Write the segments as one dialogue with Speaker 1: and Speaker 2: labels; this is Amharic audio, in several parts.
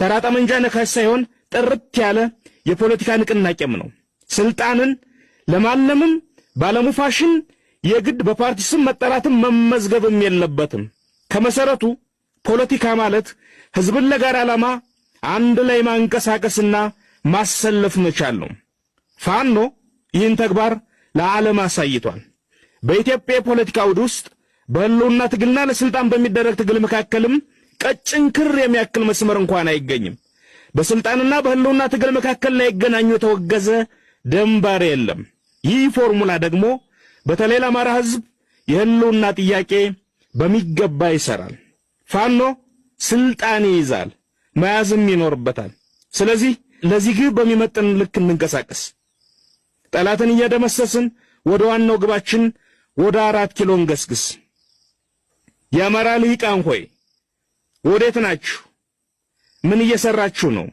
Speaker 1: ተራ ጠመንጃ ነካሽ ሳይሆን ጥርት ያለ የፖለቲካ ንቅናቄም ነው። ስልጣንን ለማለምም ባለሙ ፋሽን የግድ በፓርቲ ስም መጠራትም መመዝገብም የለበትም። ከመሰረቱ ፖለቲካ ማለት ህዝብን ለጋራ ዓላማ አንድ ላይ ማንቀሳቀስና ማሰለፍ መቻል ነው። ፋኖ ይህን ተግባር ለዓለም አሳይቷል። በኢትዮጵያ የፖለቲካ አውድ ውስጥ በህልውና ትግልና ለስልጣን በሚደረግ ትግል መካከልም ቀጭን ክር የሚያክል መስመር እንኳን አይገኝም። በስልጣንና በህልውና ትግል መካከል ላይገናኙ የተወገዘ ደንባር የለም። ይህ ፎርሙላ ደግሞ በተለይ ለአማራ ህዝብ የህልውና ጥያቄ በሚገባ ይሰራል። ፋኖ ስልጣን ይይዛል፣ መያዝም ይኖርበታል። ስለዚህ ለዚህ ግብ በሚመጥን ልክ እንንቀሳቀስ። ጠላትን እየደመሰስን ወደ ዋናው ግባችን ወደ አራት ኪሎ እንገስግስ። የአማራ ልሂቃን ሆይ ወዴት ናችሁ? ምን እየሰራችሁ ነው?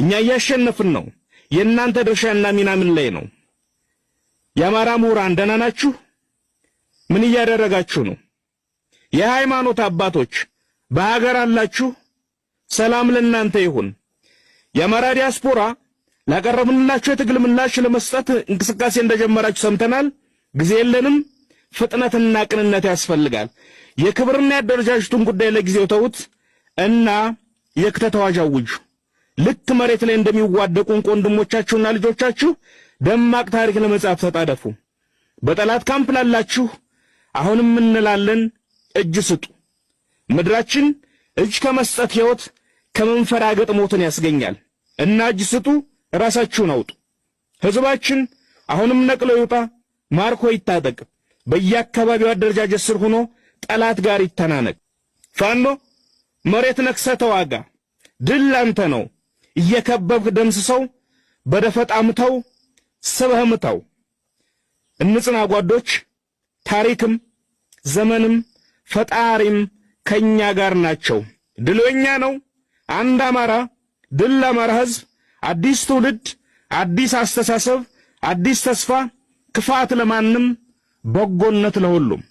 Speaker 1: እኛ እያሸነፍን ነው። የእናንተ ድርሻና ሚና ምን ላይ ነው? የአማራ ምሁራን ደህና ናችሁ? ምን እያደረጋችሁ ነው? የሃይማኖት አባቶች በሀገር አላችሁ? ሰላም ለእናንተ ይሁን። የአማራ ዲያስፖራ ላቀረብንላችሁ የትግል ምላሽ ለመስጠት እንቅስቃሴ እንደጀመራችሁ ሰምተናል። ጊዜ የለንም። ፍጥነትና ቅንነት ያስፈልጋል። የክብርና የአደረጃጀቱን ጉዳይ ለጊዜው ተውት እና የክተት አዋጅ አውጁ። ልክ መሬት ላይ እንደሚዋደቁ እንቁ ወንድሞቻችሁና ልጆቻችሁ ደማቅ ታሪክ ለመጻፍ ተጣደፉ። በጠላት ካምፕ ላላችሁ አሁንም እንላለን እጅ ስጡ። ምድራችን እጅ ከመስጠት ሕይወት ከመንፈራገጥ ሞትን ያስገኛል እና እጅ ስጡ፣ ራሳችሁን አውጡ። ሕዝባችን አሁንም ነቅሎ ይውጣ፣ ማርኮ ይታጠቅ። በየአካባቢው አደረጃጀት ስር ሆኖ ጠላት ጋር ይተናነቅ። ፋኖ መሬት ነክሰ ተዋጋ፣ ድል አንተ ነው። እየከበብህ ደምስሰው፣ በደፈጣምተው፣ ስበህምተው። እንጽና ጓዶች፣ ታሪክም ዘመንም ፈጣሪም ከኛ ጋር ናቸው። ድል ነው። አንድ አማራ፣ ድል ለአማራ ሕዝብ፣ አዲስ ትውልድ፣ አዲስ አስተሳሰብ፣ አዲስ ተስፋ፣ ክፋት ለማንም በጎነት ለሁሉም